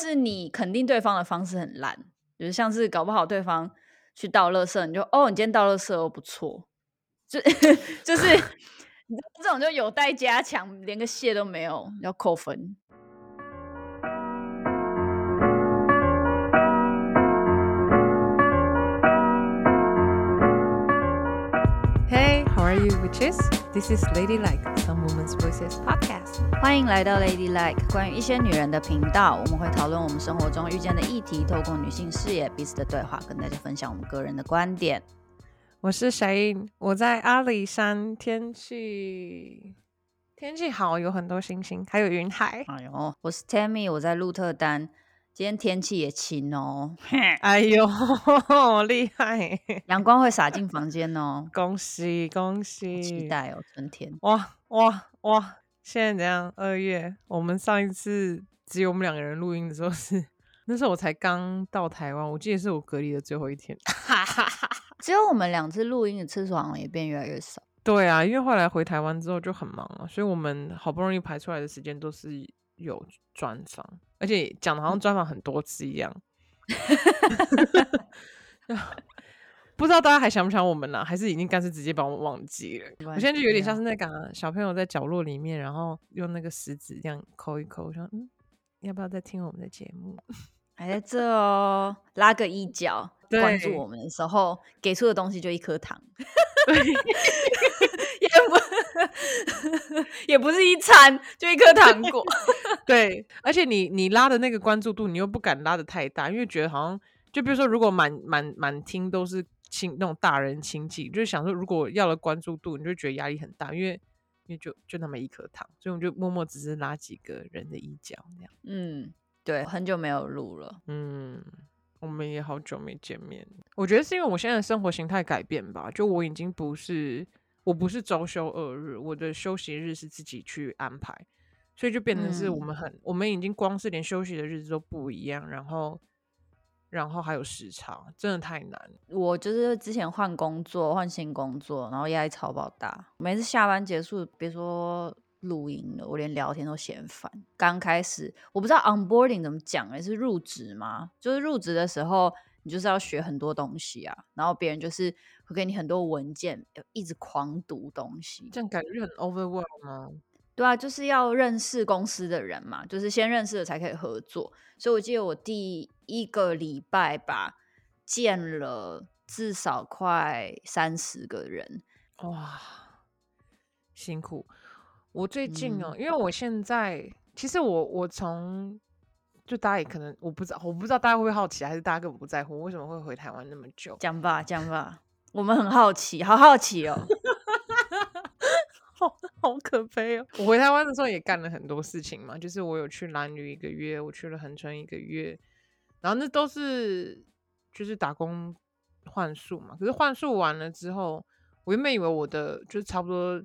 但是你肯定對方的方式很爛，比如、就是、像是搞不好對方去倒垃圾，你就哦，你今天倒垃圾哦，不錯，就 就是 這種就有待加強，連個謝都沒有，要扣分。Are you witches? This is Ladylike, some women's voices podcast. 歡迎來到 Ladylike，關於一些女人的頻道。我們會討論我們生活中遇見的議題，透過女性視野彼此的對話，跟大家分享我們個人的觀點。我是誰？我在阿里山，天氣天氣好，有很多星星，還有雲海。哎呦喲、哦，我是 Tammy，我在鹿特丹。今天天氣也晴哦、喔，哎呦，呵呵厲害！陽光會灑進房間哦、喔，恭喜恭喜！期待哦、喔，春天！哇哇哇！現在怎樣？二月，我們上一次只有我們兩個人錄音的時候是，那時候我才剛到台灣，我記得是我隔離的最後一天。 只有我們兩次錄音的次數好像也變越來越少。對啊，因為後來回台灣之後就很忙了，所以我們好不容易排出來的時間都是有專場。而且講的好像專訪很多次一樣， 不知道大家還想不想我們啦、啊？還是已經乾脆直接把我們忘記了？記了我現在就有點像是那個小朋友在角落裡面，然後用那個食指這樣摳一摳，說：“嗯，要不要再聽我們的節目？”還在這哦，拉個衣角對關注我們的時候，給出的東西就一顆糖，對 也不也不是一餐，就一顆糖果。對， 對，而且你你拉的那個關注度，你又不敢拉得太大，因為覺得好像，就比如說，如果滿滿滿廳都是親那種大人親戚，就是想說，如果要了關注度，你就覺得壓力很大，因為因為就就那麼一顆糖，所以我就默默只是拉幾個人的衣角這樣。嗯。對，很久沒有錄了。嗯，我們也好久沒見面。我覺得是因為我現在的生活形態改變吧，就我已經不是，我不是周休二日，我的休息日是自己去安排，所以就變成是我們很，嗯、我們已經光是連休息的日子都不一樣，然後，然後還有時差，真的太難。我就是之前換工作，換新工作，然後壓力超爆大，每次下班結束，別說。錄音了，我連聊天都嫌煩。剛開始我不知道 onboarding 怎麼講，哎，是入職嗎？就是入職的時候，你就是要學很多東西啊。然後別人就是會給你很多文件，要一直狂讀東西。這樣感覺就很 overwhelm 嗎？對啊，就是要認識公司的人嘛，就是先認識了才可以合作。所以我記得我第一個禮拜吧，見了至少快三十個人，哇，辛苦。我最近哦、喔，嗯、因為我現在其實我我從就大家也可能我不知道我不知道大家會不會好奇，還是大家根本不在乎，為什麼會回台灣那麼久？講吧講吧，我們很好奇，好好奇哦、喔， 好好可悲哦、喔！我回台灣的時候也幹了很多事情嘛，就是我有去蘭嶼一個月，我去了恆春一個月，然後那都是就是打工換宿嘛。可是換宿完了之後，我原本以為我的就是差不多。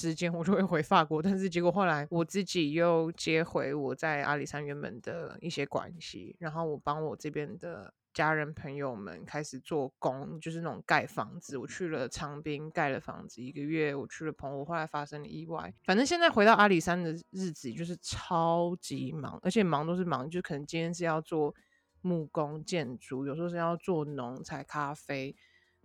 時間我就會回法國，但是結果後來我自己又接回我在阿里山原本的一些關係，然後我幫我這邊的家人朋友們開始做工，就是那種蓋房子。我去了長濱蓋了房子，一個月我去了澎湖，我後來發生了意外。反正現在回到阿里山的日子就是超級忙，而且忙都是忙，就可能今天是要做木工建築，有時候是要做農採咖啡。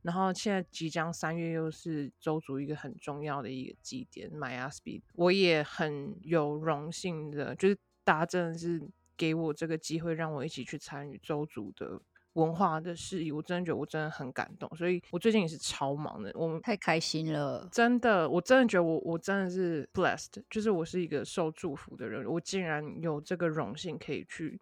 然後現在即將三月，又是鄒族一個很重要的一個祭典，瑪雅斯比，我也很有榮幸的，就是大家真的是給我這個機會，讓我一起去參與鄒族的文化的事宜。我真的覺得我真的很感動，所以我最近也是超忙的。我們太開心了，真的，我真的覺得我我真的是 blessed，就是我是一個受祝福的人。我竟然有這個榮幸可以去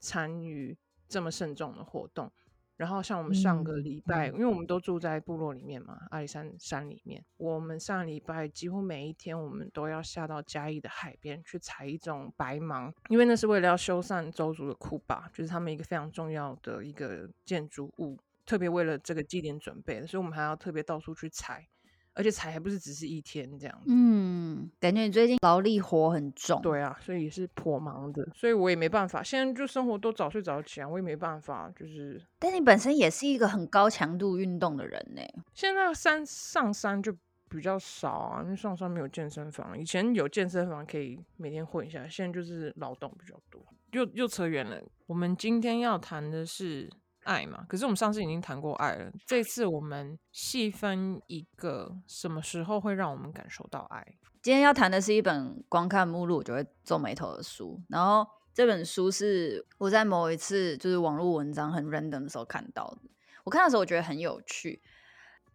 參與這麼慎重的活動。然後像我們上個禮拜，嗯、因為我們都住在部落裡面嘛，阿里山山裡面，我們上個禮拜幾乎每一天，我們都要下到嘉義的海邊去採一種白芒，因為那是為了要修繕鄒族的庫巴，就是他們一個非常重要的一個建築物，特別為了這個祭典準備的，所以我們還要特別到處去採。而且才還不是只是一天這樣子，嗯，感覺你最近勞力活很重。對啊，所以也是頗忙的，所以我也沒辦法，現在就生活都早睡早起啊，我也沒辦法，就是，但你本身也是一個很高強度運動的人呢、欸，現在那山上山就比較少啊，因為上山沒有健身房，以前有健身房可以每天混一下，現在就是勞動比較多。又又扯遠了，我們今天要談的是。愛嘛？可是我們上次已經談過愛了。這次我們細分一個什麼時候會讓我們感受到愛。今天要談的是一本光看目錄我就會皺眉頭的書。然後這本書是我在某一次就是網絡文章很 random 的時候看到的。我看的時候我覺得很有趣。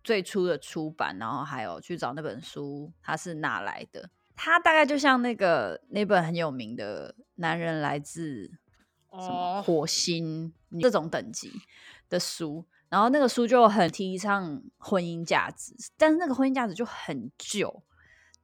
最初的出版，然後還有去找那本書，它是哪來的？它大概就像那個那本很有名的《男人來自什麼、Oh. 火星》。這種等級的書，然後那個書就很提倡婚姻價值，但是那個婚姻價值就很舊，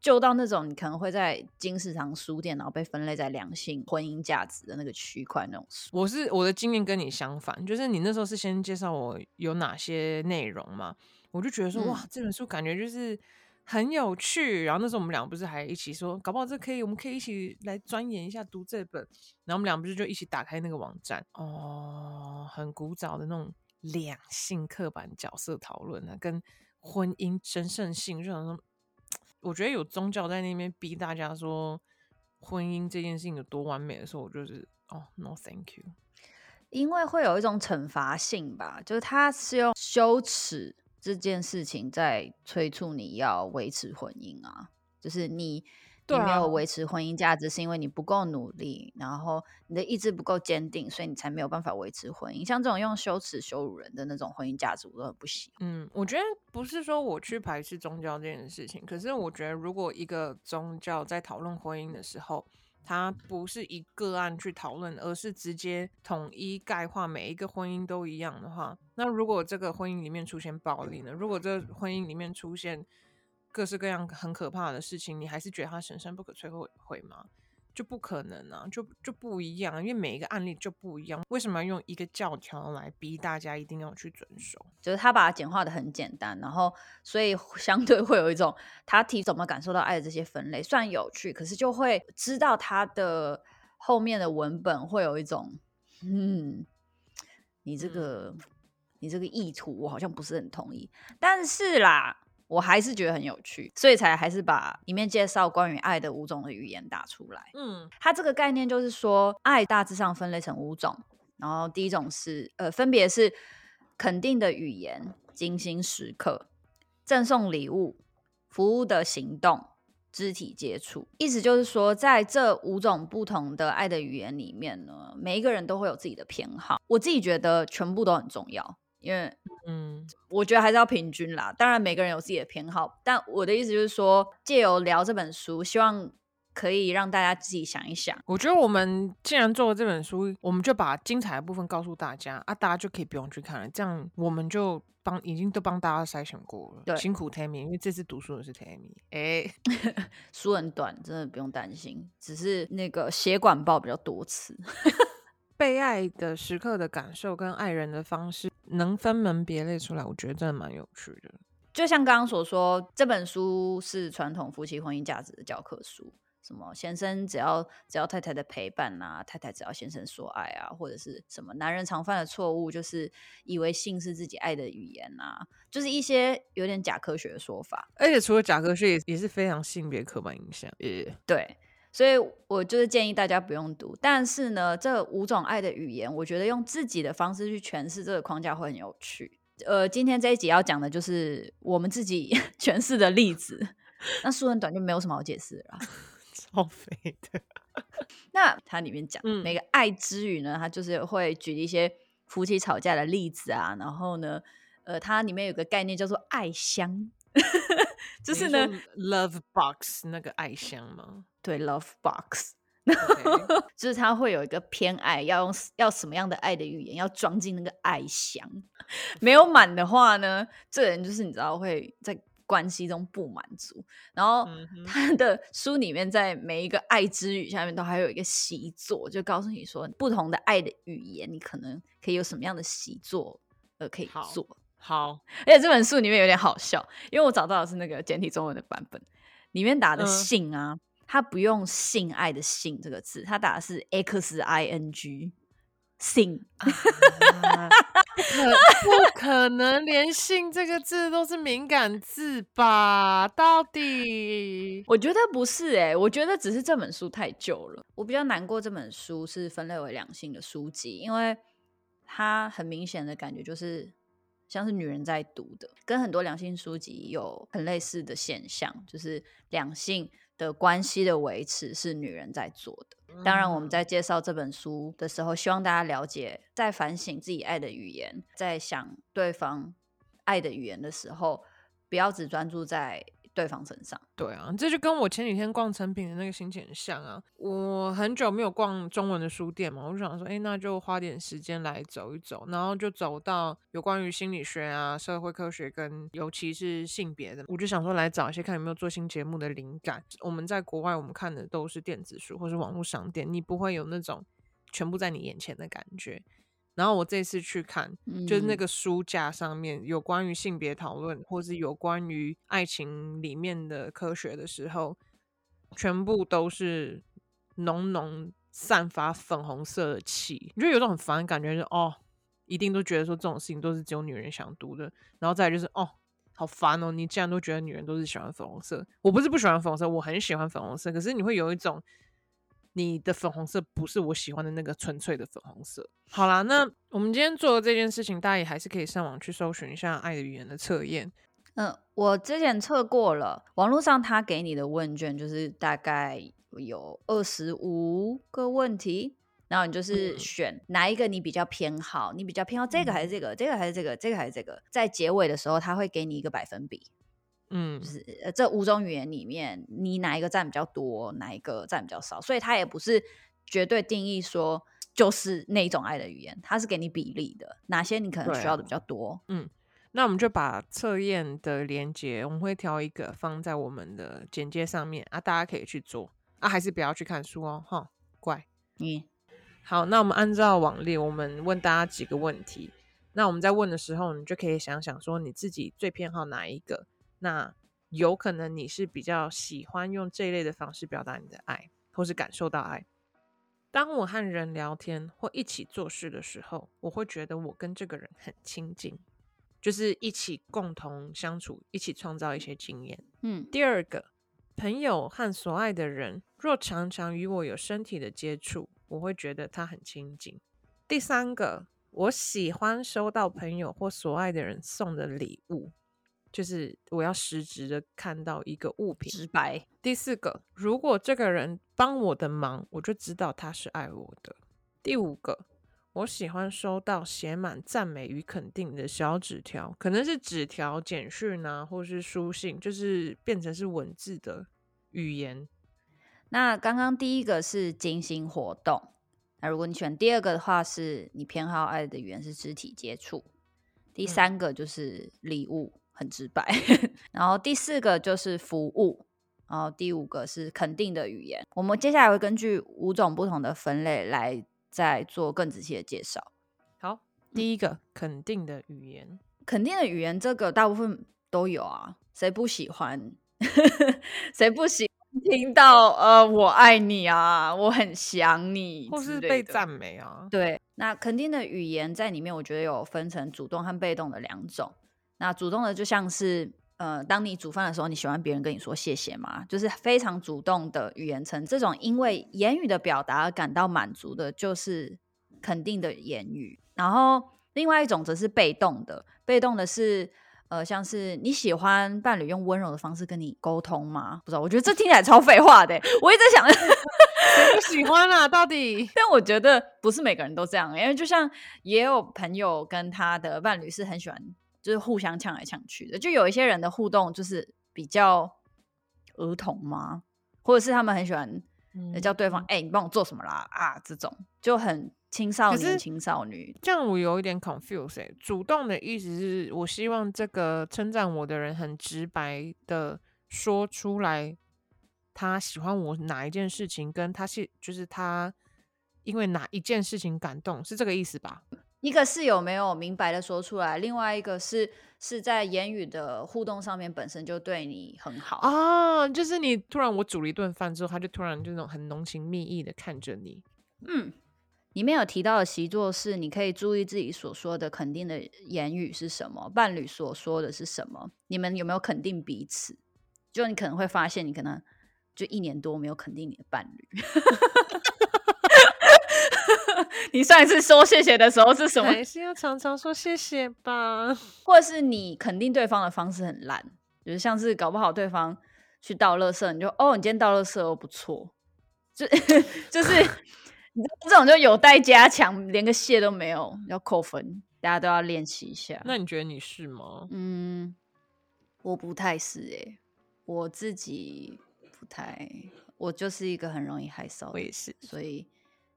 舊到那種你可能會在金石堂書店，然後被分類在良性婚姻價值的那個區塊那種書。我是我的經驗跟你相反，就是你那時候是先介紹我有哪些內容嘛，我就覺得說哇，這本、個、書感覺就是。很有趣，然後那時候我們倆不是還一起說，搞不好這可以，我們可以一起來鑽研一下讀這本。然後我們倆不是就一起打開那個網站哦，很古早的那種兩性刻板角色討論呢，跟婚姻神聖性就好像，我覺得有宗教在那邊逼大家說婚姻這件事情有多完美的時候，我就是哦，no thank you，因為會有一種懲罰性吧，就是它是用羞恥。這件事情在催促你要維持婚姻啊，就是你對啊，你沒有維持婚姻價值，是因為你不夠努力，然後你的意志不夠堅定，所以你才沒有辦法維持婚姻。像這種用羞恥羞辱人的那種婚姻價值，我都很不喜歡。嗯，我覺得不是說我去排斥宗教這件事情，可是我覺得如果一個宗教在討論婚姻的時候，他不是以個案去討論，而是直接統一概括每一個婚姻都一樣的話，那如果這個婚姻裡面出現暴力呢？如果這個婚姻裡面出現各式各樣很可怕的事情，你還是覺得他神聖不可摧毀毀嗎？就不可能啊，就就不一樣，因為每一個案例就不一樣。為什麼用一個教條來逼大家一定要去遵守？就是他把他簡化的很簡單，然後所以相對會有一種他提怎麼感受到愛的這些分類，算有趣，可是就會知道他的後面的文本會有一種，嗯，你這個、嗯、你這個意圖我好像不是很同意。但是啦。我還是覺得很有趣，所以才還是把裡面介紹關於愛的五種的語言打出來。嗯，它這個概念就是說，愛大致上分類成五種，然後第一種是呃，分別是肯定的語言、精心時刻、贈送禮物、服務的行動、肢體接觸。意思就是說，在這五種不同的愛的語言裡面呢，每一個人都會有自己的偏好。我自己覺得全部都很重要。因為，嗯，我覺得還是要平均啦。嗯、當然，每個人有自己的偏好，但我的意思就是說，借由聊這本書，希望可以讓大家自己想一想。我覺得我們既然做了這本書，我們就把精彩的部分告訴大家，啊，大家就可以不用去看了。這樣我們就幫已經都幫大家篩選過了。對辛苦 Tammy，因為這次讀書的是 Tammy。哎誒， 書很短，真的不用擔心。只是那個血管爆比較多次。 被愛的時刻的感受跟愛人的方式，能分門別類出來，我覺得真的蠻有趣的。就像剛剛所說，這本書是傳統夫妻婚姻價值的教科書，什麼先生只要只要太太的陪伴啊，太太只要先生說愛啊，或者是什麼男人常犯的錯誤，就是以為性是自己愛的語言啊，就是一些有點假科學的說法。而且除了假科學也，也也是非常性別刻板印象。呃，Yeah. 對。所以，我就是建議大家不用讀。但是呢，這五種愛的語言，我覺得用自己的方式去詮釋這個框架會很有趣。呃，今天這一集要講的就是我們自己詮 釋的例子。那書很短，就沒有什麼好解釋的了。超肥的。那它裡面講每個愛之語呢，嗯、它就是會舉一些夫妻吵架的例子啊。然後呢，呃，它裡面有個概念叫做愛香。 就是呢，Love Box 那個愛箱嗎？對，Love Box，然後 Okay. 就是他會有一個偏愛，要用要什麼樣的愛的語言，要裝進那個愛箱。 沒有滿的話呢，這個、人就是你知道會在關係中不滿足。然後他的書裡面，在每一個愛之語下面都還有一個習作，就告訴你說不同的愛的語言，你可能可以有什麼樣的習作呃可以做。好，而且這本書裡面有點好笑，因為我找到的是那個簡體中文的版本，裡面打的“性”啊，他、嗯、不用“性愛”的“性”這個字，他打的是 “x i n g”，性。啊、 可不可能連“性”這個字都是敏感字吧？到底我覺得不是哎、欸，我覺得只是這本書太久了，我比較難過這本書是分類為兩性的書籍，因為它很明顯的感覺就是。像是女人在讀的，跟很多兩性書籍有很類似的現象，就是兩性的關係的維持是女人在做的。當然，我們在介紹這本書的時候，希望大家了解，在反省自己愛的語言，在想對方愛的語言的時候，不要只專注在。對方身上，對啊，這就跟我前幾天逛誠品的那個心情很像啊。我很久沒有逛中文的書店嘛，我就想說，哎，那就花點時間來走一走，然後就走到有關於心理學啊、社會科學跟尤其是性別的，我就想說來找一些看有沒有做新節目的靈感。我們在國外，我們看的都是電子書或是網絡商店，你不會有那種全部在你眼前的感覺。然後我這次去看，就是那個書架上面有關於性別討論，或是有關於愛情裡面的科學的時候，全部都是濃濃散發粉紅色的氣，我覺得有一種很煩的感覺，就是哦，一定都覺得說這種事情都是只有女人想讀的，然後再來就是哦，好煩哦，你既然都覺得女人都是喜歡粉紅色，我不是不喜歡粉紅色，我很喜歡粉紅色，可是你會有一種。你的粉紅色不是我喜歡的那個純粹的粉紅色。好啦，那我們今天做的這件事情，大家也還是可以上網去搜尋一下《愛的語言》的測驗。嗯，我之前測過了，網絡上他給你的問卷就是大概有二十五個問題，然後你就是選哪一個你比較偏好，嗯、你比較偏好這個還是這個，嗯、這個還是這個，這個還是這個，在結尾的時候他會給你一個百分比。嗯，就是、這五種語言裡面，你哪一個佔比較多，哪一個佔比較少？所以它也不是絕對定義說就是那一種愛的語言，它是給你比例的，哪些你可能需要的比較多。啊、嗯，那我們就把測驗的連結，我們會挑一個放在我們的簡介上面啊，大家可以去做啊，還是不要去看書哦，哈，怪。你、嗯、好，那我們按照往例，我們問大家幾個問題，那我們在問的時候，你就可以想想說你自己最偏好哪一個。那有可能你是比較喜歡用這一類的方式表達你的愛，或是感受到愛。當我和人聊天或一起做事的時候，我會覺得我跟這個人很親近，就是一起共同相處，一起創造一些經驗。嗯，第二個，朋友和所愛的人若常常與我有身體的接觸，我會覺得他很親近。第三個，我喜歡收到朋友或所愛的人送的禮物。就是我要實質的看到一個物品，直白。第四個，如果這個人幫我的忙，我就知道他是愛我的。第五個，我喜歡收到寫滿讚美與肯定的小紙條，可能是紙條、簡訊啊，或是書信，就是變成是文字的語言。那剛剛第一個是精心活動，那如果你選第二個的話，是你偏好愛的語言是肢體接觸，第三個就是禮物。嗯很直白， 然後第四個就是服務，然後第五個是肯定的語言。我們接下來會根據五種不同的分類來再做更仔細的介紹。好，第一個、嗯、肯定的語言，肯定的語言這個大部分都有啊，誰不喜歡？ 誰不喜歡聽到呃，我愛你啊，我很想你，或是被讚美啊。對，那肯定的語言在裡面，我覺得有分成主動和被動的兩種。那主動的就像是，呃，當你煮飯的時候，你喜歡別人跟你說謝謝嗎？就是非常主動的語言層。這種因為言語的表達而感到滿足的，就是肯定的言語。然後另外一種則是被動的，被動的是，呃，像是你喜歡伴侶用溫柔的方式跟你溝通嗎？不知道，我覺得這聽起來超廢話的。我一直在想， 誰不喜歡啊？到底？ 但我覺得不是每個人都這樣，因為就像也有朋友跟他的伴侶是很喜歡。就是互相搶來搶去的，就有一些人的互動就是比較兒童嗎？或者是他們很喜歡叫對方“哎、嗯欸，你幫我做什麼啦？”啊，這種就很青少年、青少女。這樣我有一點 confuse，、欸、主動的意思是我希望這個稱讚我的人很直白的說出來，他喜歡我哪一件事情，跟他是就是他因為哪一件事情感動，是這個意思吧？一個是有沒有明白的說出來，另外一個是是在言語的互動上面本身就對你很好啊，就是你突然我煮了一頓飯之後，他就突然就那種很濃情蜜意的看着你。嗯，裡面有提到的習作是，你可以注意自己所說的肯定的言語是什麼，伴侶所說的是什麼，你們有沒有肯定彼此？就你可能會發現，你可能就一年多沒有肯定你的伴侶。 你上一次說謝謝的時候是什麼？還是要常常說謝謝吧？或者是你肯定對方的方式很爛，比、就、如、是、像是搞不好對方去倒垃圾，你就哦，你今天倒垃圾又不錯，就 就是 這種就有待加強，連個謝都沒有，要扣分，大家都要練習一下。那你覺得你是嗎？嗯，我不太是哎、欸，我自己不太，我就是一個很容易害羞的，我也是，所以。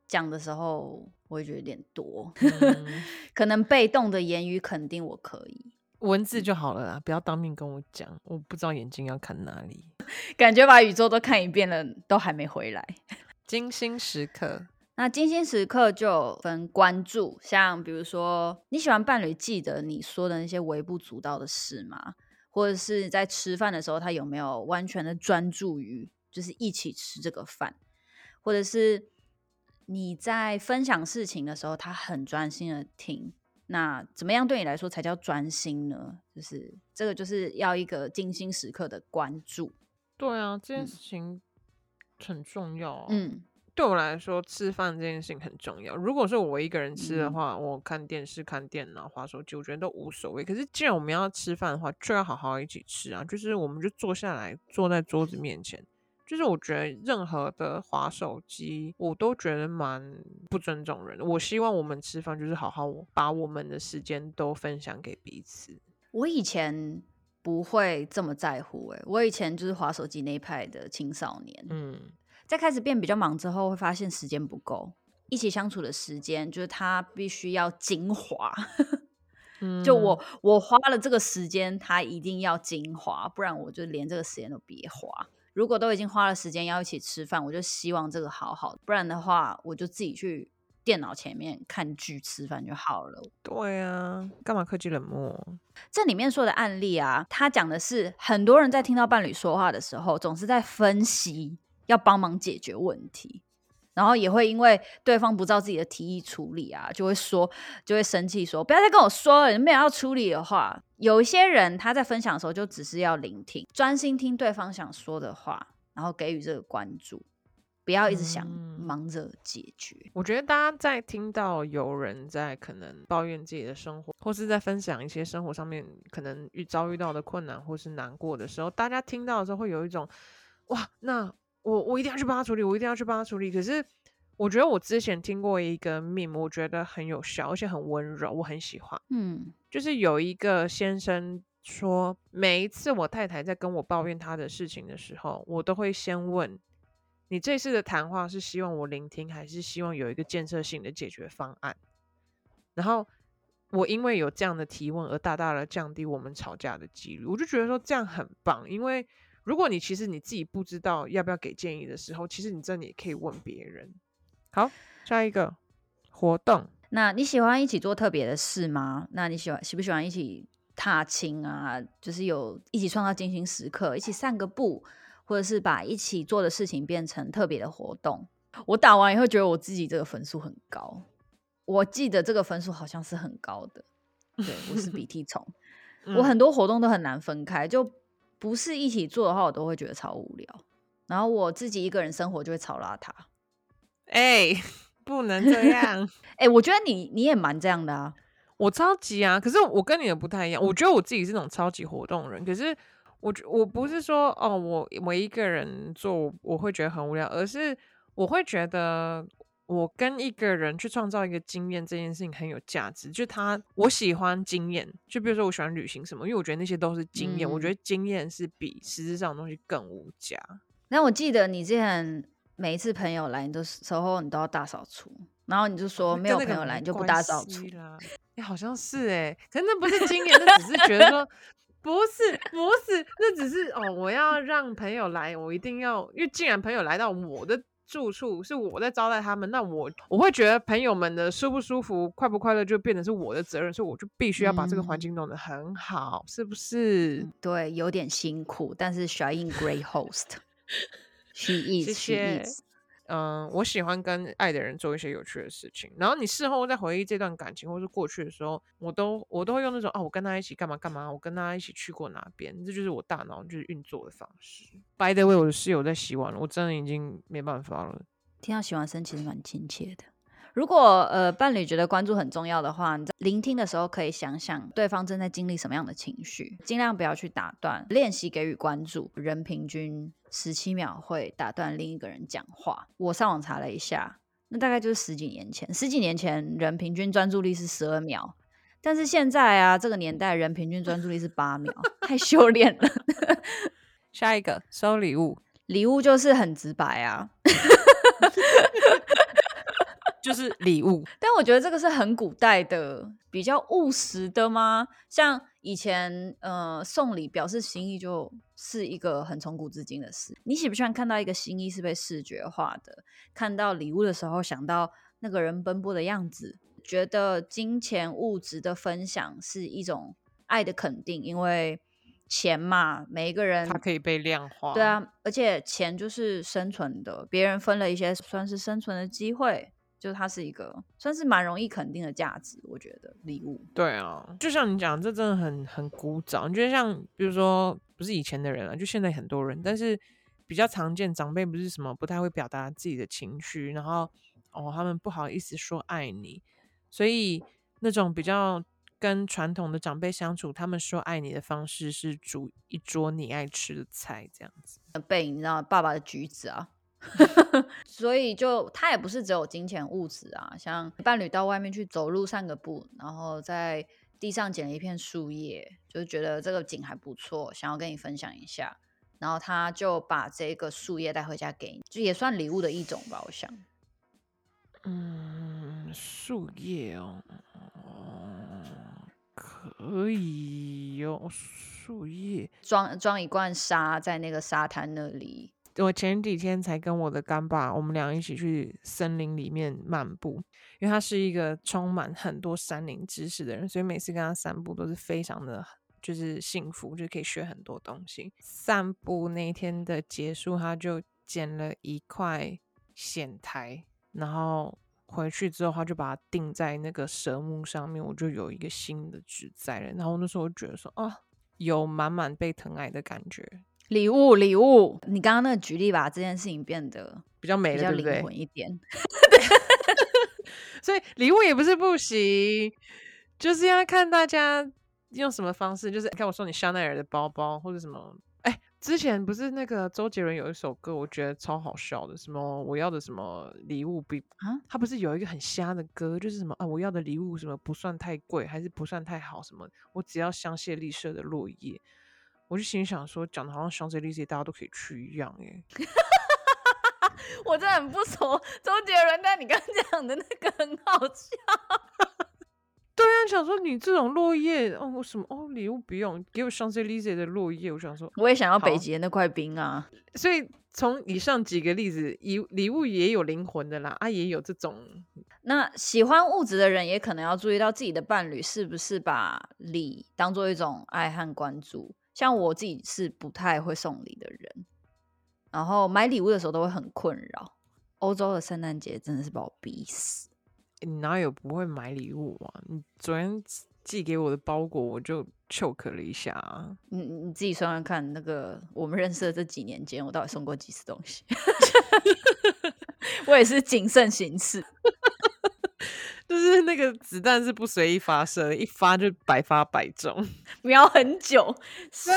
講的時候，我會覺得有點多， 可能被動的言語肯定我可以，文字就好了啦，不要當面跟我講，我不知道眼睛要看哪裡，感覺把宇宙都看一遍了，都還沒回來。精心時刻，那精心時刻就分關注，像比如說你喜歡伴侶記得你說的那些微不足道的事嗎？或者是在吃飯的時候，他有沒有完全的專注於就是一起吃這個飯，或者是？你在分享事情的時候，他很專心的聽。那怎麼樣對你來說才叫專心呢？就是這個，就是要一個精心時刻的關注。對啊，這件事情很重要啊。嗯，對我來說，吃飯這件事情很重要。如果是我一個人吃的話，嗯，我看電視、看電腦、滑手機，我覺得都無所謂。可是既然我們要吃飯的話，就要好好一起吃啊。就是我們就坐下來，坐在桌子面前。嗯就是我覺得任何的滑手機，我都覺得蠻不尊重人的。我希望我們吃飯就是好好把我們的時間都分享給彼此。我以前不會這麼在乎哎、欸，我以前就是滑手機那一派的青少年。嗯，在開始變比較忙之後，會發現時間不夠，一起相處的時間就是他必須要精華。 就我我花了這個時間，他一定要精華，不然我就連這個時間都別花。如果都已經花了時間要一起吃飯，我就希望這個好好，不然的話我就自己去電腦前面看劇吃飯就好了。對啊，幹嘛客氣冷漠？這裡面說的案例啊，他講的是很多人在聽到伴侶說話的時候，總是在分析，要幫忙解決問題。然後也會因為對方不照自己的提議處理啊，就會說，就會生氣說，說不要再跟我說了，你沒有要處理的話。有一些人他在分享的時候，就只是要聆聽，專心聽對方想說的話，然後給予這個關注，不要一直想忙着解決。嗯。我覺得大家在聽到有人在可能抱怨自己的生活，或是在分享一些生活上面可能遇遭遇到的困難或是難過的時候，大家聽到的時候會有一種，哇，那。我我一定要去幫他處理，我一定要去幫他處理。可是我覺得我之前聽過一個 meme，我覺得很有效，而且很溫柔，我很喜歡。嗯，就是有一個先生說，每一次我太太在跟我抱怨他的事情的時候，我都會先問你這次的談話是希望我聆聽，還是希望有一個建設性的解決方案？然後我因為有這樣的提問而大大的降低我們吵架的幾率，我就覺得說這樣很棒，因為。如果你其實你自己不知道要不要給建議的時候，其實你真的也可以問別人。好，下一個活動，那你喜歡一起做特別的事嗎？那你喜歡喜不喜歡一起踏青啊？就是有一起創造開心時刻，一起散個步，或者是把一起做的事情變成特別的活動。我打完以後覺得我自己這個分數很高，我記得這個分數好像是很高的。對，我是鼻涕蟲， 嗯、我很多活動都很難分開，就。不是一起做的話，我都會覺得超無聊。然後我自己一個人生活就會超邋遢。哎、欸，不能這樣！哎、 欸，我覺得你你也蠻這樣的啊。我超級啊，可是我跟你的不太一樣。我覺得我自己是那種超級活動人，可是我我不是說哦，我我一個人做我，我會覺得很無聊，而是我會覺得。我跟一個人去創造一個經驗，這件事情很有價值。就他，我喜歡經驗。就比如說，我喜歡旅行什麼，因為我覺得那些都是經驗。嗯、我覺得經驗是比實質上的東西更無價。那我記得你之前每一次朋友來你的時候，你都要大掃除，然後你就說沒有朋友來你就不大掃除。你、啊欸、好像是哎、欸，可能那不是經驗， 那只是覺得說不是不是，那只是哦，我要讓朋友來，我一定要，因為既然朋友來到我的。住處是我在招待他們，那我我會覺得朋友們的舒不舒服、快不快樂，就變成是我的責任，所以我就必須要把這個環境弄得很好，嗯、是不是？對，有點辛苦，但是 she is great host. she is great host，she is，she is 謝謝。She is. 嗯，我喜歡跟愛的人做一些有趣的事情。然後你事後再回憶這段感情，或是過去的時候，我都我都會用那種啊，我跟他一起幹嘛幹嘛，我跟他一起去過哪邊，這就是我大腦就是運作的方式。是 By the way，我的室友在洗碗，我真的已經沒辦法了。聽到洗碗聲其實蠻親切的。如果呃，伴侶覺得關注很重要的話，你在聆聽的時候可以想想對方正在經歷什麼樣的情緒，盡量不要去打斷，練習給予關注。人平均十七秒會打斷另一個人講話。我上網查了一下，那大概就是十幾年前。十幾年前人平均專注力是十二秒，但是現在啊，這個年代人平均專注力是八秒， 太修煉了。 下一個收禮物，禮物就是很直白啊。 就是禮物， 但我覺得這個是很古代的，比較務實的嗎？像以前，呃，送禮表示心意，就是一個很從古至今的事。你喜不喜歡看到一個心意是被視覺化的？看到禮物的時候，想到那個人奔波的樣子，覺得金錢物質的分享是一種愛的肯定，因為錢嘛，每一個人它可以被量化，對啊，而且錢就是生存的，別人分了一些算是生存的機會。就是它是一個算是蠻容易肯定的價值，我覺得禮物。對啊、哦，就像你講，這真的很很古早。你覺得像比如說，不是以前的人啊，就現在很多人，但是比較常見長輩不是什麼不太會表達自己的情緒，然後哦他們不好意思說愛你，所以那種比較跟傳統的長輩相處，他們說愛你的方式是煮一桌你愛吃的菜這樣子。背影，你知道爸爸的橘子啊。 所以就他也不是只有金錢物質啊，像伴侶到外面去走路散個步，然後在地上撿了一片樹葉，就是覺得這個景還不錯，想要跟你分享一下，然後他就把這個樹葉帶回家給你，就也算禮物的一種吧，我想。嗯，樹葉哦。嗯，可以哦，樹葉，裝裝一罐沙在那個沙灘那裡。我前幾天才跟我的乾爸，我們倆一起去森林裡面漫步，因為他是一個充滿很多山林知識的人，所以每次跟他散步都是非常的，就是幸福，就是、可以學很多東西。散步那一天的結束，他就撿了一塊蘚苔，然後回去之後他就把它釘在那個蛇木上面，我就有一個新的植栽了，然後那時候我覺得說，哦、啊，有滿滿被疼愛的感覺。禮物，禮物，你剛剛那個舉例把這件事情變得比較美，比較靈魂一點。所以禮物也不是不行，就是要看大家用什麼方式。就是你看我送你香奈兒的包包，或者什麼？哎，之前不是那個周杰倫有一首歌，我覺得超好笑的，什麼我要的什麼禮物比啊？蛤他不是有一個很瞎的歌，就是什麼啊？我要的禮物什麼不算太貴，還是不算太好，什麼我只要香榭麗舍的落葉。我就心想說，講的好像香榭麗舍大家都可以去一樣耶，哎， 我真的很不熟周杰倫，但你剛，剛講的那個很好笑。 對啊，想說你這種落葉哦，我什麼哦，禮物不用給我香榭麗舍的落葉，我想說我也想要北極的那塊冰啊。所以從以上幾個例子，禮禮物也有靈魂的啦，啊，也有這種。那喜歡物質的人也可能要注意到自己的伴侶是不是把禮當做一種愛和關注。像我自己是不太會送禮的人，然後買禮物的時候都會很困擾。歐洲的聖誕節真的是把我逼死。欸、你哪有不會買禮物啊？你昨天寄給我的包裹，我就 choke 了一下啊。你、嗯、你自己算算看，那個我們認識的這幾年間，我到底送過幾次東西？ 我也是謹慎行事。就是那個子彈是不隨意發射的，一發就百發百中，瞄很久， 真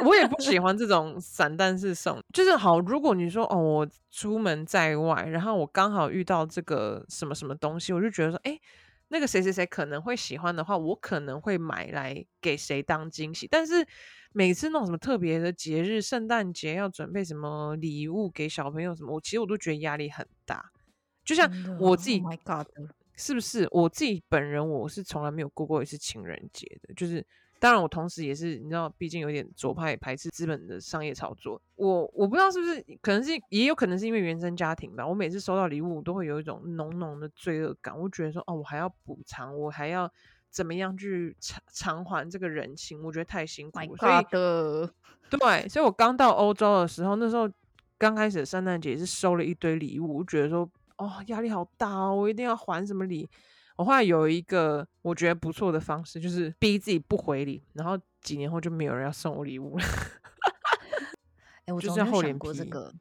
的。我也不喜歡這種散彈式送。就是好，如果你說哦，我出門在外，然後我剛好遇到這個什麼什麼東西，我就覺得說，哎、欸，那個誰誰誰可能會喜歡的話，我可能會買來給誰當驚喜。但是每次那種什麼特別的節日，聖誕節要準備什麼禮物給小朋友什麼，我其實我都覺得壓力很大。就像我自己，是不是我自己本人？我是從來沒有過過一次情人節的。就是，當然，我同時也是，你知道，畢竟有點左派排斥資本的商業操作。我我不知道是不是，可能是也有可能是因為原生家庭吧。我每次收到禮物，都會有一種濃濃的罪惡感。我覺得說，哦，我還要補償，我還要怎麼樣去償償還這個人情？我覺得太辛苦了。對。的，對，所以我剛到歐洲的時候，那時候剛開始的聖誕節是收了一堆禮物，我覺得說，哦，壓力好大哦！我一定要還什麼禮？我後來有一個我覺得不錯的方式，就是逼自己不回禮，然後幾年後就沒有人要送我禮物了。哎、欸，我從來沒想過這個。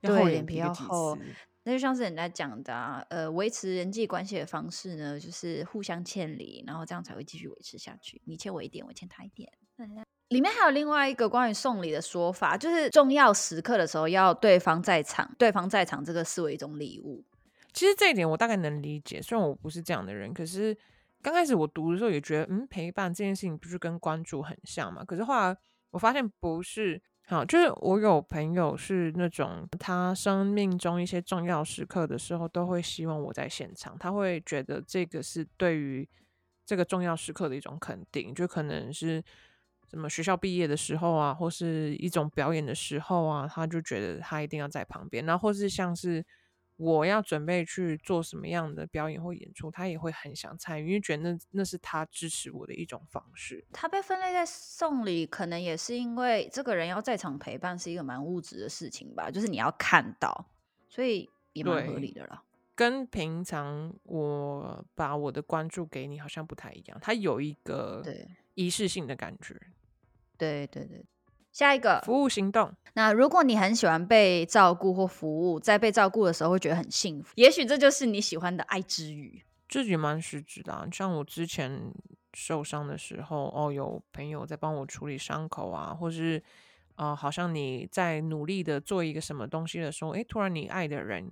要厚臉皮，要厚。那就像是人家講的、啊，呃，維持人際關係的方式呢，就是互相欠禮，然後這樣才會繼續維持下去。你欠我一點，我欠他一點。裡面還有另外一個關於送禮的說法，就是重要時刻的時候要對方在場，對方在場這個視為一種禮物。其實這一點我大概能理解，雖然我不是這樣的人，可是剛開始我讀的時候也覺得，嗯，陪伴這件事情不是跟關注很像嘛？可是後來我發現不是，好，就是我有朋友是那種，他生命中一些重要時刻的時候，都會希望我在現場，他會覺得這個是對於這個重要時刻的一種肯定，就可能是什麼學校畢業的時候啊，或是一種表演的時候啊，他就覺得他一定要在旁邊，然後或是像是。我要準備去做什麼樣的表演或演出，他也會很想參與，因為覺得那那是他支持我的一種方式。他被分類在送禮，可能也是因為這個人要在場陪伴是一個蠻物質的事情吧，就是你要看到，所以也蠻合理的啦。跟平常我把我的關注給你好像不太一樣，他有一個儀式性的感覺。對對對。下一個服務行動。那如果你很喜歡被照顧或服務，在被照顧的時候會覺得很幸福，也許這就是你喜歡的愛之語。這句蠻實質的，啊，像我之前受傷的時候，哦，有朋友在幫我處理傷口啊，或是啊、呃，好像你在努力的做一個什麼東西的時候，誒，突然你愛的人，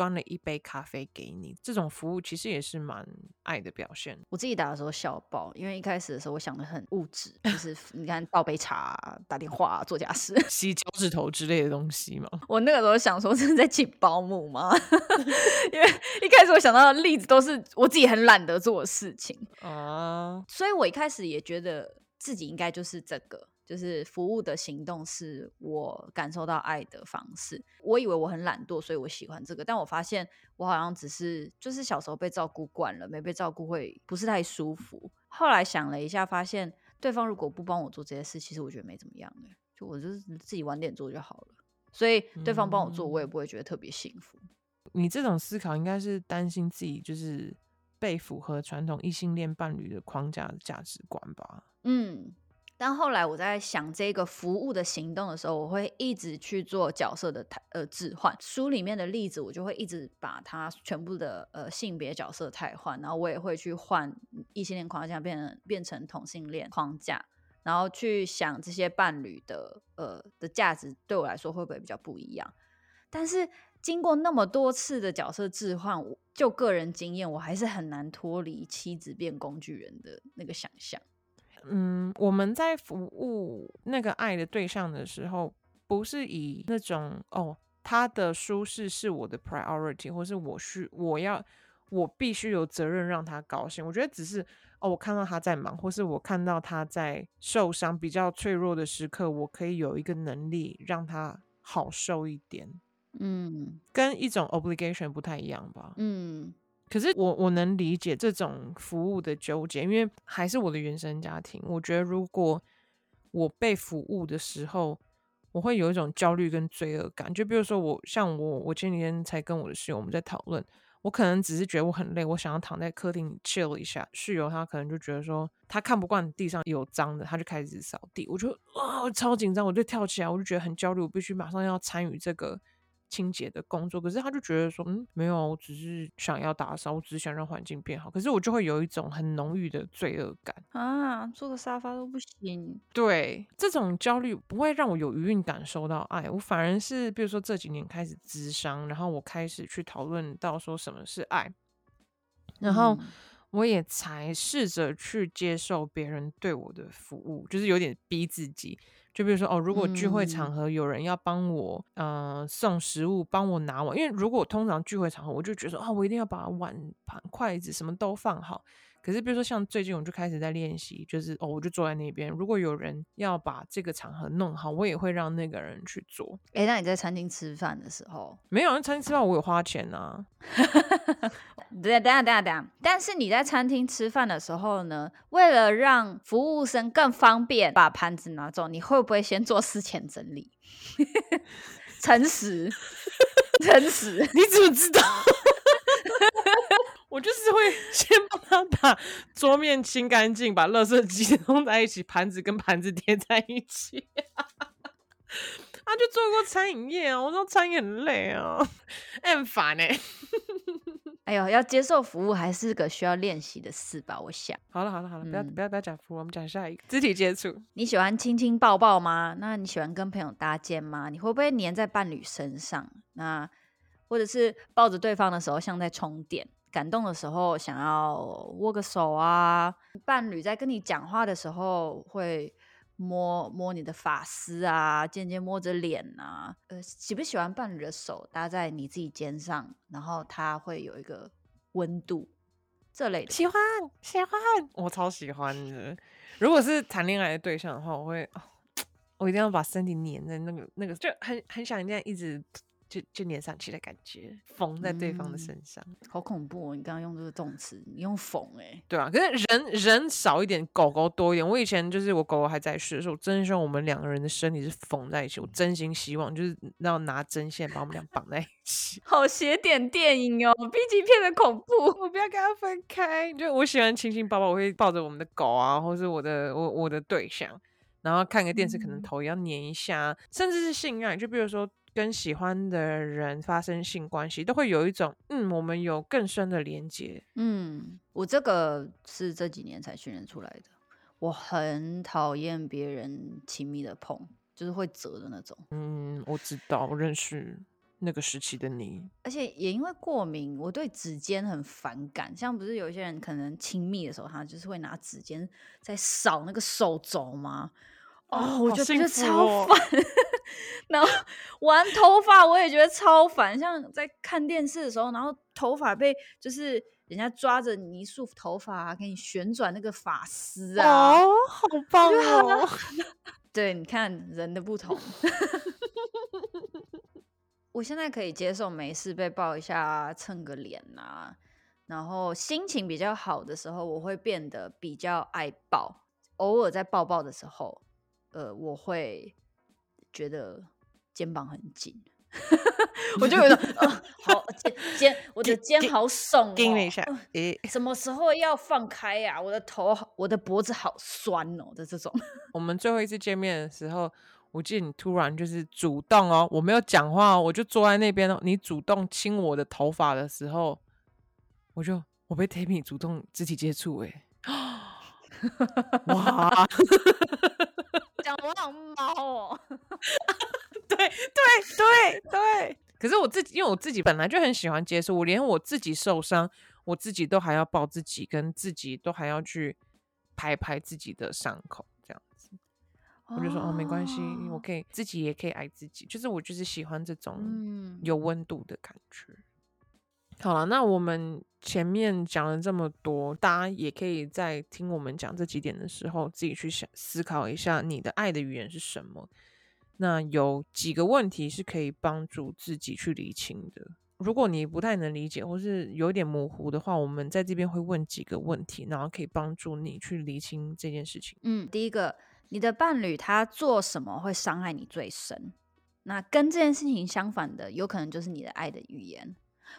端了一杯咖啡給你，這種服務其實也是蠻愛的表現的。我自己打的時候笑爆，因為一開始的時候我想的很物質，就是你看倒杯茶、打電話、做家事、洗腳趾頭之類的東西嘛。我那個時候想說是在請保姆嗎？ 因為一開始我想到的例子都是我自己很懶得做的事情啊，uh，所以我一開始也覺得自己應該就是這個。就是服務的行動是我感受到愛的方式。我以為我很懶惰，所以我喜歡這個。但我發現我好像只是就是小時候被照顧慣了，沒被照顧會不是太舒服。後來想了一下，發現對方如果不幫我做這些事，其實我覺得沒怎麼樣的，欸。就我就是自己晚點做就好了。所以對方幫我做，我也不會覺得特別幸福。嗯。你這種思考應該是擔心自己就是被符合傳統異性戀伴侶的框架的價值觀吧？嗯。但後來我在想這個服務的行動的時候，我會一直去做角色的呃置換。書裡面的例子，我就會一直把它全部的呃性別角色替換，然後我也會去換異性戀框架，變成變成同性戀框架，然後去想這些伴侶的呃的價值對我來說會不會比較不一樣。但是經過那麼多次的角色置換，我就個人經驗，我還是很難脫離妻子變工具人的那個想象。嗯，我們在服務那個愛的對象的時候，不是以那種哦，他的舒適是我的 priority，或是我需我要我必須有責任讓他高興。我覺得只是哦，我看到他在忙，或是我看到他在受傷、比較脆弱的時刻，我可以有一個能力讓他好受一點。嗯，跟一種 obligation 不太一樣吧。嗯。可是我我能理解這種服務的糾結，因為還是我的原生家庭。我覺得如果我被服務的時候，我會有一種焦慮跟罪惡感。就比如說我像我我前幾天才跟我的室友我們在討論，我可能只是覺得我很累，我想要躺在客廳 chill 一下。室友他可能就覺得說他看不慣地上有髒的，他就開始掃地。我就哇，我超緊張，我就跳起來，我就覺得很焦慮，我必須馬上要參與這個清潔的工作，可是他就覺得說，嗯，沒有，我只是想要打掃，我只是想讓環境變好。可是我就會有一種很濃郁的罪惡感啊，坐個沙發都不行。對，這種焦慮不會讓我有餘韻感受到愛，我反而是，比如說這幾年開始諮商，然後我開始去討論到說什麼是愛，嗯、然後。我也才試着去接受別人對我的服務，就是有點逼自己。就比如說，哦，如果聚會場合有人要幫我，嗯、呃，送食物、幫我拿碗，因為如果通常聚會場合，我就覺得說，啊、哦，我一定要把碗盤、筷子什麼都放好。可是，比如說像最近，我就開始在練習，就是哦，我就坐在那邊。如果有人要把這個場合弄好，我也會讓那個人去做。哎，那你在餐廳吃飯的時候？沒有，那餐廳吃飯我有花錢吶、啊。 等下，等下，等下。但是你在餐廳吃飯的時候呢？為了讓服務生更方便把盤子拿走，你會不會先做事前整理？ 誠實， 誠實，你怎麼知道？ 我就是會先幫他把桌面清乾淨， 把垃圾集中在一起，盤子跟盤子疊在一起。 他就做過餐飲業、哦、我說餐飲很累啊、哦，很煩誒。 哎呦，要接受服務還是個需要練習的事吧，我想。好了好了好了，好了好了嗯、不要不要不要講服務，我們講下一個肢體接觸。你喜歡親親抱抱嗎？那你喜歡跟朋友搭肩嗎？你會不會黏在伴侶身上？那或者是抱着對方的時候，像在充電？感動的時候想要握個手啊，伴侶在跟你講話的時候會摸摸你的髮絲啊，漸漸摸着臉啊，呃，喜不喜歡伴侶的手搭在你自己肩上，然後它會有一個溫度，這類的喜歡？喜歡，喜歡 我超喜歡的。如果是談戀愛的對象的話，我會、哦、我一定要把身體粘在那個那個，就很很想這樣一直。就就黏上去的感覺，縫在對方的身上，嗯、好恐怖！哦，你剛剛用這個動詞，你用縫哎、欸，對啊，可是人人少一點，狗狗多一點。我以前就是我狗狗還在世的時候，我真的希望我們兩個人的身體是縫在一起。我真心希望就是要拿針線把我們倆綁在一起。 好邪典電影哦，B 級片的恐怖， 我不要跟他分開。就我喜歡親親抱抱，我會抱着我們的狗啊，或是我的我我的對象，然後看個電視，嗯、可能頭也要粘一下，甚至是性愛，就比如說。跟喜歡的人發生性關係，都會有一種，嗯，我們有更深的連接。嗯，我這個是這幾年才訓練出來的。我很討厭別人親密的碰，就是會折的那種。嗯，我知道，我認識那個時期的你。而且也因為過敏，我對指尖很反感。像不是有一些人可能親密的時候，他就是會拿指尖在掃那個手肘嗎？哦，oh, oh, 我覺得、哦、超煩。 然後玩頭髮，我也覺得超煩。 像在看電視的時候，然後頭髮被就是人家抓着你一束頭髮、啊、給你旋轉那個髮絲啊，哦，oh, 好棒哦！好 對，你看人的不同。 我現在可以接受沒事被抱一下、蹭個臉吶、啊。然後心情比較好的時候，我會變得比較愛抱。偶爾在抱抱的時候。呃，我會覺得肩膀很緊， 我就覺得啊，好肩肩，肩我的肩好聳、哦，盯了一下，誒，什麼時候要放開呀、啊？我的頭，我的脖子好酸哦的這種。 我們最後一次見面的時候，我記得你突然就是主動哦，我沒有講話哦，我就坐在那邊哦，你主動親我的頭髮的時候，我就我被 Tamy 主動肢體接觸，哎 哇！ 講流浪貓哦，對對對對。可是我自己，因為我自己本來就很喜歡接受，我連我自己受傷，我自己都還要抱自己，跟自己都還要去拍拍自己的傷口，這樣子，我就說哦，哦，沒關係，我可以自己也可以愛自己，就是我就是喜歡這種有溫度的感覺。嗯好了，那我們前面講了這麼多，大家也可以在聽我們講這幾點的時候，自己去想思考一下你的愛的語言是什麼。那有幾個問題是可以幫助自己去理清的。如果你不太能理解，或是有點模糊的話，我們在這邊會問幾個問題，然後可以幫助你去理清這件事情。嗯，第一個，你的伴侶他做什麼會傷害你最深？那跟這件事情相反的，有可能就是你的愛的語言。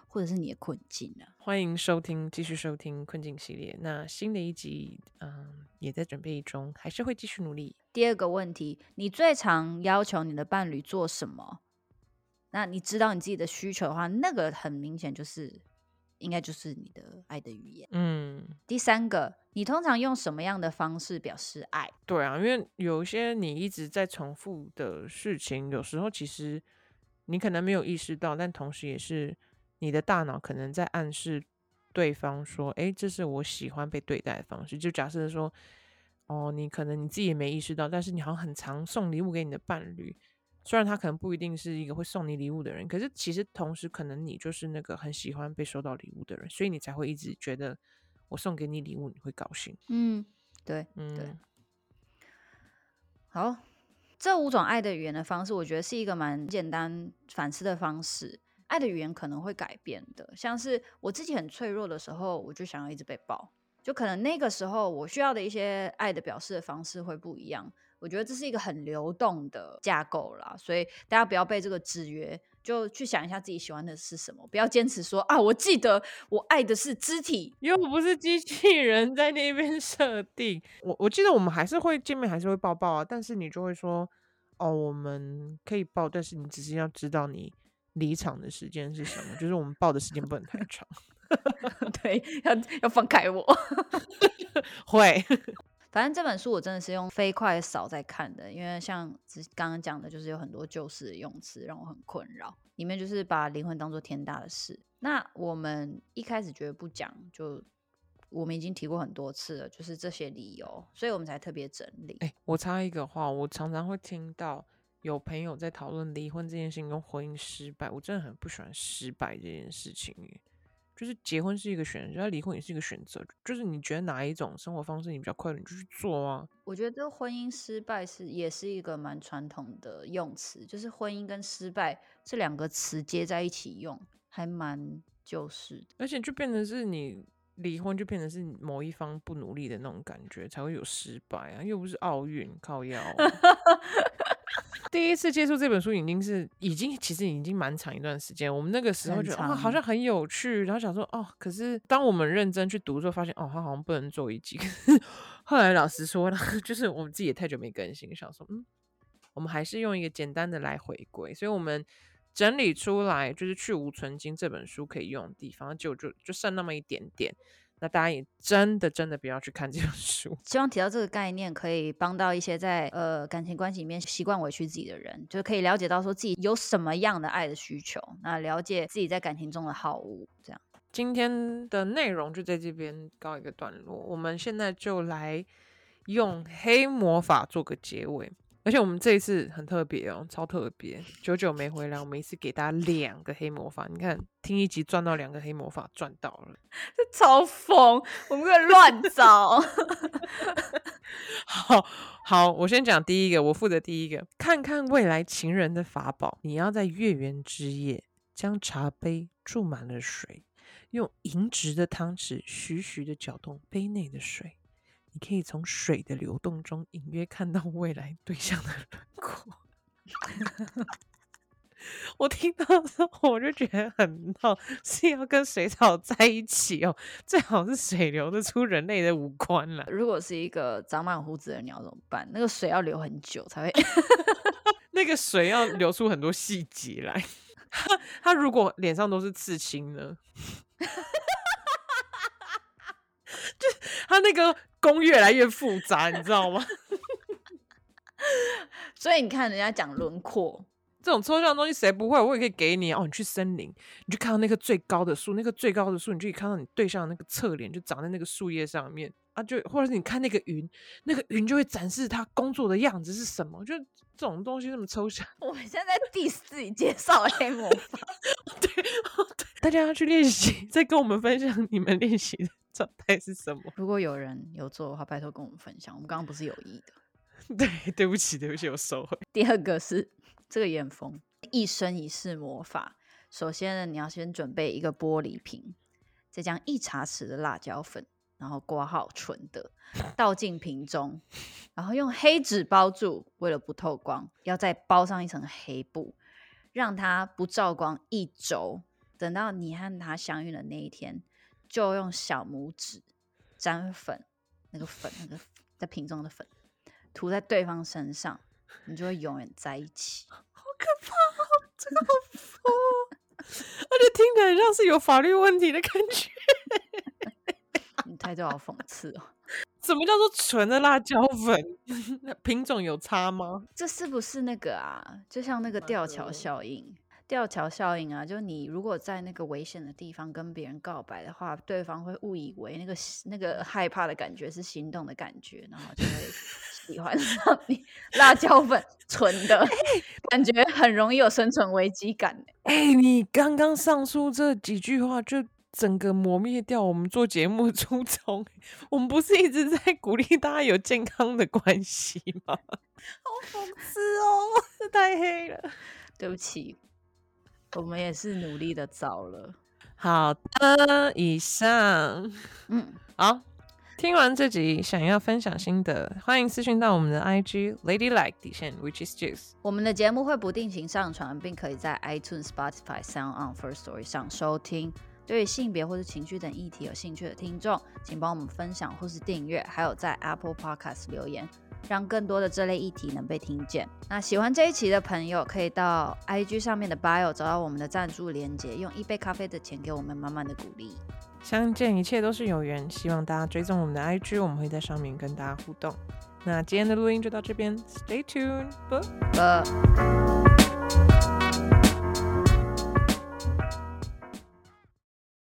或者是你的困境呢，啊？歡迎收聽，繼續收聽困境系列。那新的一集，嗯，也在準備中，還是會繼續努力。第二個問題，你最常要求你的伴侶做什麼？那你知道你自己的需求的話，那個很明顯就是，應該就是你的愛的語言。嗯。第三個，你通常用什麼樣的方式表示愛？對啊，因為有一些你一直在重複的事情，有時候其實你可能沒有意識到，但同時也是。你的大腦可能在暗示對方說：“誒，這是我喜歡被對待的方式。”就假設說：“哦，你可能你自己也沒意識到，但是你好像很常送禮物給你的伴侶，雖然他可能不一定是一個會送你禮物的人，可是其實同時可能你就是那個很喜歡被收到禮物的人，所以你才會一直覺得我送給你禮物你會高興。”嗯，對，嗯、對。好，這五種愛的語言的方式，我覺得是一個蠻簡單反思的方式。愛的語言可能會改變的，像是我自己很脆弱的時候，我就想要一直被抱。就可能那個時候，我需要的一些愛的表示的方式會不一樣。我覺得這是一個很流動的架構啦，所以大家不要被這個制約，就去想一下自己喜歡的是什麼，不要堅持說啊，我記得我愛的是肢體，因為我不是機器人在那邊設定。我我記得我們還是會見面，還是會抱抱啊，但是你就會說哦，我們可以抱，但是你只是要知道你。離場的時間是什麼？就是我們抱的時間不能太長。 對，要要放開我。 會，反正這本書我真的是用飛快掃在看的，因為像剛剛講的，就是有很多舊式的用詞讓我很困擾。裡面就是把靈魂當做天大的事。那我們一開始覺得不講，就我們已經提過很多次了，就是這些理由，所以我們才特別整理。欸，我插一個話，我常常會聽到。有朋友在討論離婚這件事情跟婚姻失敗，我真的很不喜歡失敗這件事情耶。就是結婚是一個選擇，離婚也是一個選擇。就是你覺得哪一種生活方式你比較快樂，你就去做啊。我覺得婚姻失敗是也是一個蠻傳統的用詞，就是婚姻跟失敗這兩個詞接在一起用，還蠻就是的。而且就變成是你離婚就變成是你某一方不努力的那種感覺，才會有失敗啊，又不是奧運靠腰啊。 第一次接觸這本書已經是已經，其實已經蠻長一段時間。我們那個時候覺得長、哦、好像很有趣，然後想說哦，可是當我們認真去讀之後，發現哦，它好像不能做一集。可是後來老實說了，就是我們自己也太久沒更新，想說嗯，我們還是用一個簡單的來回歸。所以我們整理出來就是《去蕪存菁》這本書可以用的地方就就就剩那麼一點點。那大家也真的真的不要去看這本書。希望提到這個概念，可以幫到一些在呃感情關係裡面習慣委屈自己的人，就是可以了解到說自己有什麼樣的愛的需求，那了解自己在感情中的好惡。這樣。今天的內容就在這邊告一個段落，我們現在就來用黑魔法做個結尾。而且我們這一次很特別哦，超特別，久久沒回來，我們一次給大家兩個黑魔法。你看，聽一集賺到兩個黑魔法，賺到了，這超瘋，我們在亂找。 好好，我先講第一個，我負責第一個，看看未來情人的法寶。你要在月圓之夜，將茶杯注滿了水，用銀質的湯匙徐徐的攪動杯內的水。你可以從水的流動中隱約看到未來對象的輪廓。 我聽到的時候我就覺得很好，是要跟水草在一起哦，最好是水流得出人類的五官了。如果是一個長滿鬍子的鳥怎麼辦？那個水要流很久才會。 那個水要流出很多細節來。 他如果臉上都是刺青呢？ 就他那個。工越來越複雜，你知道嗎？ 所以你看，人家講輪廓這種抽象的東西，誰不會？我也可以給你哦。你去森林，你就看到那棵最高的樹，那棵最高的樹，你就可以看到你對象的那個側臉，就長在那個樹葉上面啊。就或者是你看那個雲，那個雲就會展示它工作的樣子是什麼。就這種東西那麼抽象，我們現在，在第四集介紹黑魔法 對。對，大家要去練習，再跟我們分享你們練習的。狀態是什麼？如果有人有做的話，拜託跟我們分享。我們剛剛不是有意的。對，對不起，對不起，我收回。 第二個是這個驗封，一生一世魔法。首先，你要先準備一個玻璃瓶，再將一茶匙的辣椒粉，然後刮好，純的倒進瓶中，然後用黑紙包住，為了不透光，要再包上一層黑布，讓它不照光一週。等到你和他相遇的那一天，就用小拇指沾粉，那個粉，那個在瓶中的粉，塗在對方身上，你就會永遠在一起。好可怕喔，這個好瘋喔， 而且聽起來很像是有法律問題的感覺。 你態度好諷刺喔！什麼叫做純的辣椒粉？品種有差嗎？這是不是那個啊？就像那個吊橋效應。吊橋效應啊，就你如果在那個危險的地方跟別人告白的話，對方會誤以為那個那個害怕的感覺是心動的感覺，然後就會喜歡上你。辣椒粉純的、 欸、感覺很容易有生存危機感、欸。哎、欸，你剛剛上述這幾句話就整個磨滅掉我們做節目初衷。我們不是一直在鼓勵大家有健康的關係嗎？好諷刺哦、喔，這太黑了。對不起。我們也是努力的找了，好的，以上，嗯，好，聽完這集想要分享心得，歡迎私訊到我們的 IG Lady Like 底線，Which is Juice。我們的節目會不定期上傳，並可以在 iTunes、unes, Spotify、Sound On First Story 上收聽。對於性別或者情緒等議題有興趣的聽眾，請幫我們分享或是訂閱，還有在 Apple Podcast 留言。讓更多的這類議題能被聽見。那喜歡這一期的朋友，可以到 I G 上面的 Bio 找到我們的贊助連結，用一杯咖啡的錢給我們滿滿的鼓勵。相見一切都是有緣，希望大家追蹤我們的 I G，我們會在上面跟大家互動。那今天的錄音就到這邊，Stay tuned，拜拜。